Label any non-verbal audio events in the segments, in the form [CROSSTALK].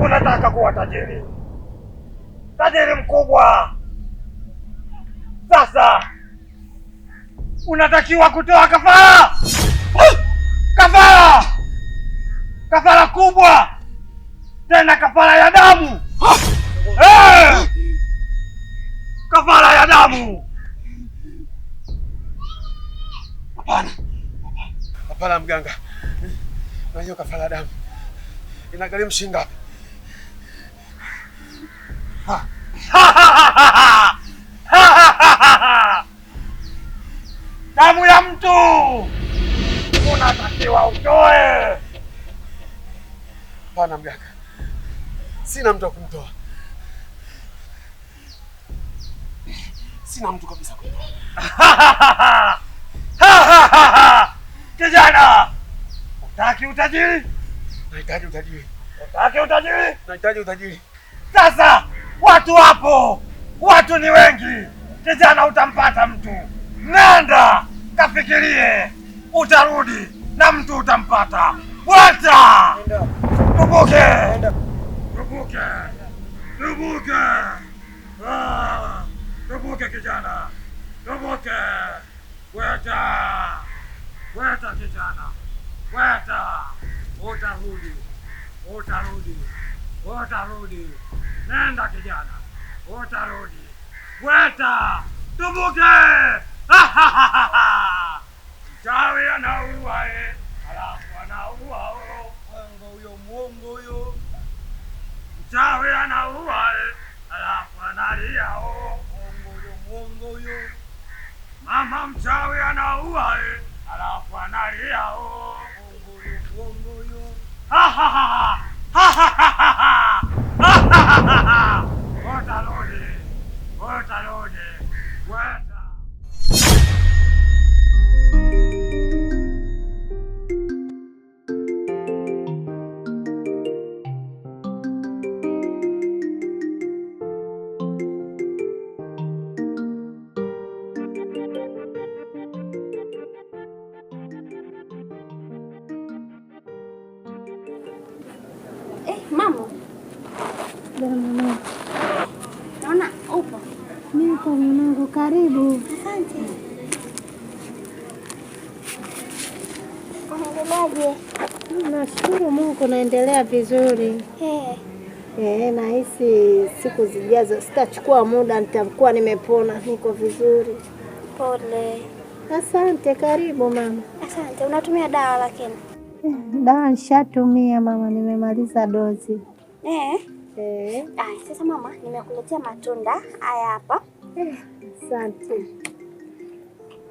unataka kuwa tajiri, tajiri mkubwa. Sasa unatakiwa kutoa kafara, kafara, kafara kubwa, tena kafara ya damu hey! Eh! kafara ya damu. Hapana, hapana mganga, hiyo kafara ya damu inagharimu shilingi ngapi? damu ya mtu unatakiwa utoe. Hapana mganga, sina mtu wa kumtoa, sina mtu kabisa kumtoa. Kijana, utaki utajiri? Nahitaji utajiri. Utaki utajiri? Nahitaji utajiri. Sasa watu wapo, watu ni wengi. Kijana utampata mtu, nenda kafikirie, utarudi na mtu utampata. Wacha tubuke, tubuke, tubuke, ah, tubuke kijana, tubuke. Wacha, wacha kijana, wacha, utarudi, utarudi, utarudi. Nenda kijana, utarudi. Bweta tumbuke! [LAUGHS] Mchawi anaua! kunaendelea vizuri hey. Eh. eh, nahisi siku zijazo sitachukua muda, nitakuwa nimepona, niko vizuri. Pole. Asante. Karibu mama. Asante. Unatumia dawa lakini? Eh, dawa nishatumia mama, nimemaliza dozi e. Eh. Ah, sasa mama, nimekuletea matunda haya hapa. Asante.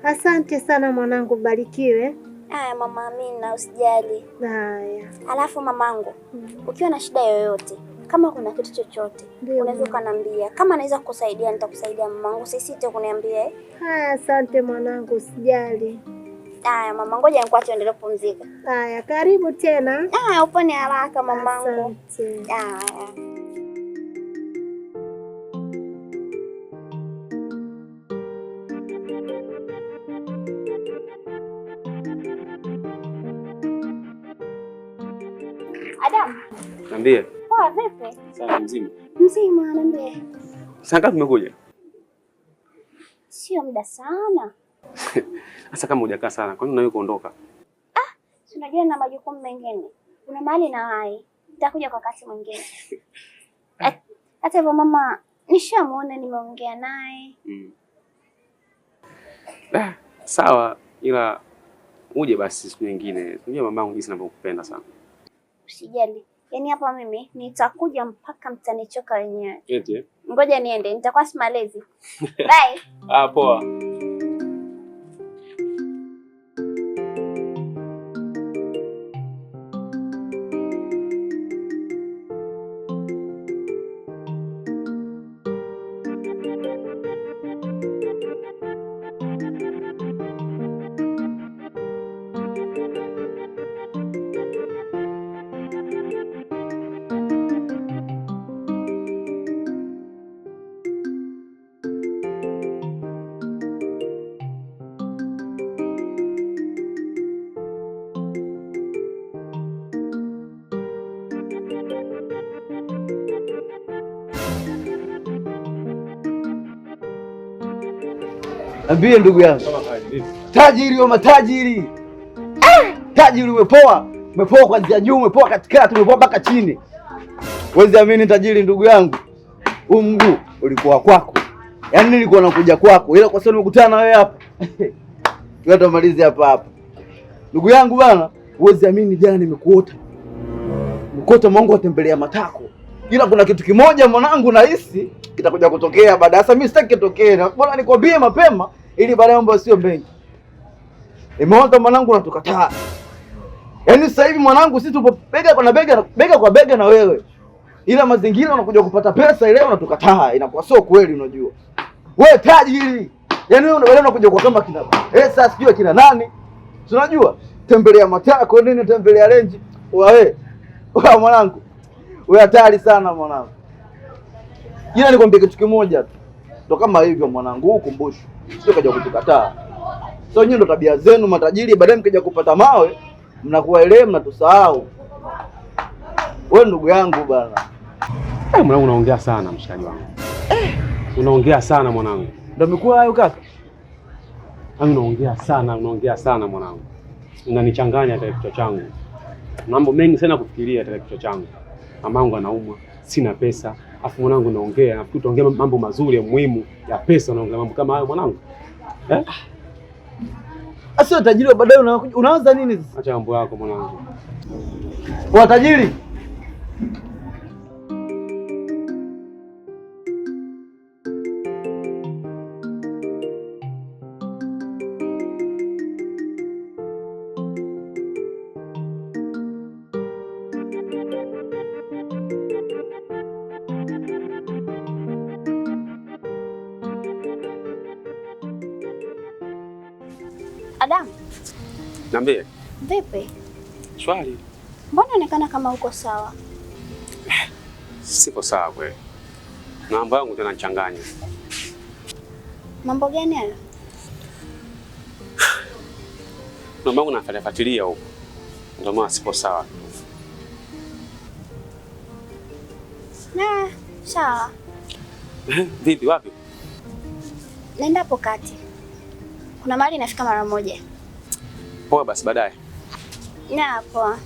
Asante sana mwanangu, barikiwe. Haya mama Amina, usijali. Haya. Alafu mamangu, mm. ukiwa na shida yoyote kama kuna kitu chochote unaweza ukaniambia. Kama anaweza kukusaidia nitakusaidia mamangu, usisite kuniambia. Eh? Haya, asante mwanangu, usijali. Haya mama, ngoja nikuache endelee kupumzika. Haya, karibu tena. Haya, upone haraka mamangu. Asante. Haya. Niambie. Poa vipi? Safi mzima. Mzima niambie. Saa ngapi umekuja? Sio muda sana. Sasa [LAUGHS] kama hujakaa sana, kwa nini unawe kuondoka? Ah, si unajua na majukumu mengine. Kuna mahali na hai. Nitakuja kwa wakati mwingine. [LAUGHS] Ah. Hata hivyo mama nishamuona, nimeongea naye. Mm. Ah, sawa ila uje basi siku nyingine. Unajua mamangu jinsi ninavyokupenda sana. Usijali. Yaani hapa mimi nitakuja mpaka mtanichoka wenyewe. Eti. Ngoja niende, nitakuwa simalezi. [LAUGHS] Bye. Ah, poa. Ambie ndugu yangu tajiri wa matajiri ah! Tajiri umepoa, umepoa kuanzia juu, umepoa katikati, umepoa mpaka chini. Wezi amini tajiri, ndugu yangu, huu mguu ulikuwa kwako, yaani nilikuwa nakuja kwako, ila kwa sababu nimekutana na wewe hapa atamalizi [LAUGHS] hapa hapa, ndugu yangu bana, wezi amini, jana nimekuota, nimekuota mwangu atembelea matako ila kuna kitu kimoja mwanangu, nahisi kitakuja kutokea baadaye. Sasa mimi sitaki kitokee, bora nikwambie mapema ili baadaye mambo sio mengi. Imeota mwanangu, natukataa. Yaani sasa hivi mwanangu, sisi tupo bega kwa bega, bega kwa bega na wewe, ila mazingira unakuja kupata pesa ile unatukataa, inakuwa sio kweli. Unajua wewe tajiri, yaani wewe unakuja kwa kama kina pesa, sijui kina nani, tunajua tembelea matako nini, tembelea renji wae eh. wa mwanangu wewe hatari sana mwanangu. Jina nikwambie kitu kimoja tu. Ndio kama hivyo mwanangu, Mbushu. Sio kaja kutukataa. so nyinyi ndo tabia zenu matajiri, baadaye mkija kupata mawe, mnakuwa ile mnatusahau. Wewe ndugu yangu bana. Eh, mwanangu unaongea sana mshikaji wangu. Eh, unaongea sana mwanangu. Ndio mikuwa hayo kaka. Yaani unaongea sana, unaongea sana mwanangu. Unanichanganya katika kichwa changu. Mambo mengi sana kufikiria katika kichwa changu mamangu anaumwa, sina pesa, afu mwanangu naongea, afu tuongea mambo mazuri ya muhimu ya pesa, naongea mambo kama hayo mwanangu eh? Asio ah, tajiri baadaye, unaanza nini sasa? Acha mambo yako mwanangu, watajiri Niambie. Vipi? swali Mbona onekana kama uko sawa? Siko sawa kweli. Mambo yangu tena nichanganya. Mambo gani hayo? Mambo yangu nafuatilia huko. Ndio maana siko sawa. Na, sawa. Eh, vipi wapi? Nenda hapo kati. Kuna mahali nafika mara moja. Poa basi, baadaye. Poa.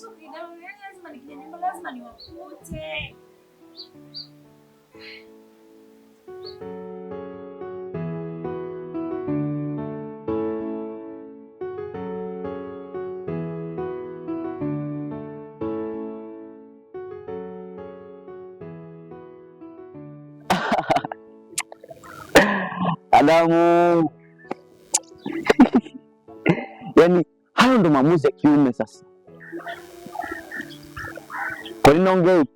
lazima nikija jambo lazima niwakute. [LAUGHS] Adamu, [LAUGHS] yaani hayo ndo maamuzi ya kiume sasa. Kwa nini naongea hivi?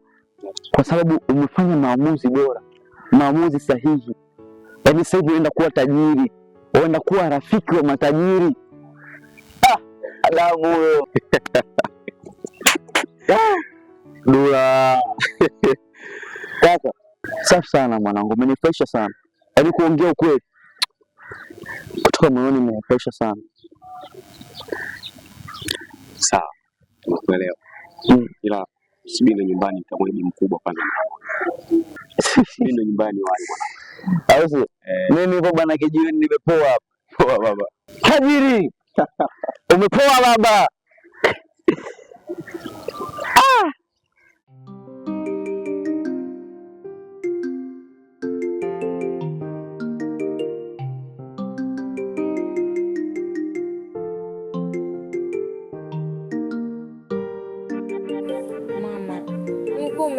Kwa sababu umefanya maamuzi bora, maamuzi sahihi. Yaani sasa hivi unaenda kuwa tajiri, unaenda kuwa rafiki wa matajiri. Ah, huyo [LAUGHS] Dula [LAUGHS] kaka, safi sana mwanangu, umenifurahisha sana yaani, kuongea ukweli kutoka moyoni, umenifurahisha sana. Sawa, nakuelewa mm. ila mimi ndo nyumbani ni mkubwa kwanza. Mimi ndo nyumbani wale bwana. Au sio? Eh. Mimi niko bwana kijiweni nimepoa. hapa. Poa baba. Tajiri. Umepoa baba.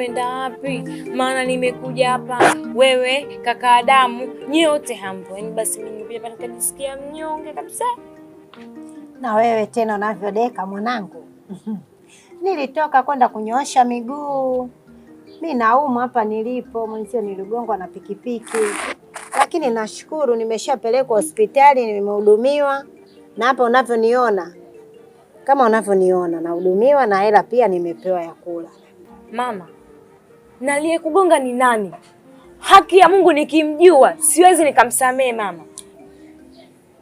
unakwenda wapi? Maana nimekuja hapa, wewe kaka Adamu, nyote hampo. Yani basi mimi nimekuja nikajisikia mnyonge kabisa. Na wewe tena unavyodeka mwanangu. [LAUGHS] Nilitoka kwenda kunyoosha miguu, mi naumwa hapa nilipo, mwenzio niligongwa na pikipiki, lakini nashukuru nimeshapelekwa hospitali, nimehudumiwa na hapa unavyoniona kama unavyoniona nahudumiwa na hela pia nimepewa ya kula. Mama, na aliyekugonga ni nani? Haki ya Mungu nikimjua siwezi nikamsamehe. Mama,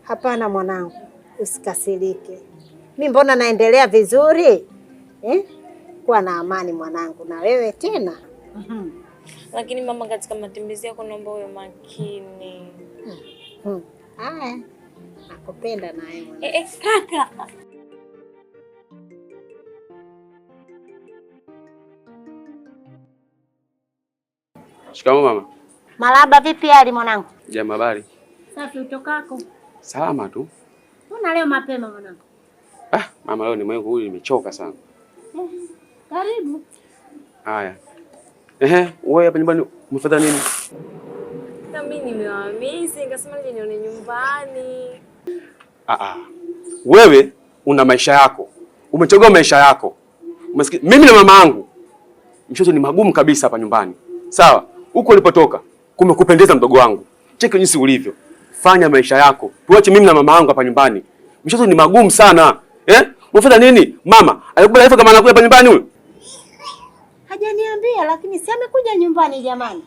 hapana mwanangu, usikasirike. Mi mbona naendelea vizuri eh? Kuwa na amani mwanangu, na wewe tena mhm. Lakini mama, katika matembezi yako naomba uwe makini. Hmm. Hmm. Haya, nakupenda naye eh, eh, kaka Shikamoo mama. Malaba, vipi hali mwanangu? Jamaa, habari? Safi, utokako? Salama tu. Mbona leo mapema mwanangu? Ah, mama leo ni mwangu huyu nimechoka sana. Eh, karibu. Haya. Ehe, wewe hapa nyumbani umefanya nini? Na mimi nimewamizi, nikasema nje nione nyumbani. Ah ah. Wewe una maisha yako. Umechagua maisha yako. Umesikia? Mimi na mama yangu. Mshoto ni magumu kabisa hapa nyumbani. Sawa? huko ulipotoka kumekupendeza mdogo wangu. Cheki jinsi ulivyo, fanya maisha yako, tuache mimi na mama yangu hapa nyumbani. Mshoto ni magumu sana eh? Mfuta nini? Mama alikubali hivyo, kama anakuja hapa nyumbani huyo? Hajaniambia, lakini si amekuja nyumbani. Jamani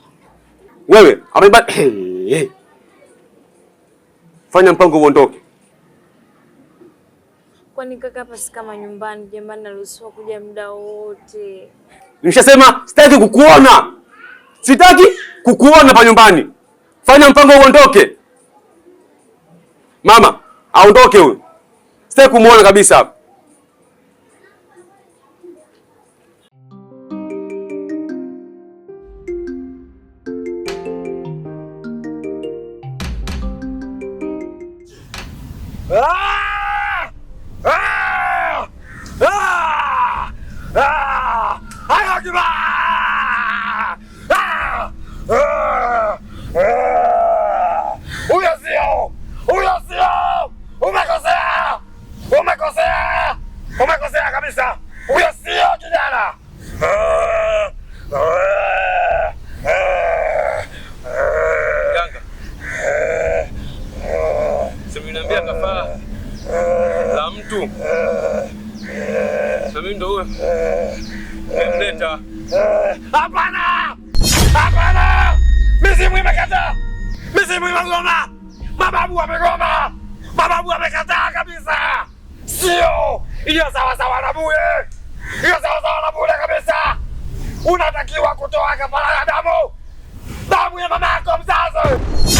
wewe amebaki. Hey, hey. Fanya mpango uondoke. Kwani kaka, hapa si kama nyumbani? Jamani, naruhusiwa kuja muda wote. Nimeshasema sitaki kukuona sitaki kukuona pa nyumbani, fanya mpango uondoke. Mama aondoke huyo, sitaki kumuona kabisa Ah! Hapana, hapana, mizimu imekataa, mizimu imegoma, mababu wamegoma, mababu wamekataa kabisa. Sio hiyo, sawasawa na bure, hiyo sawasawa na bure kabisa. Unatakiwa kutoa kafara ya damu, damu ya mama yako mzazi.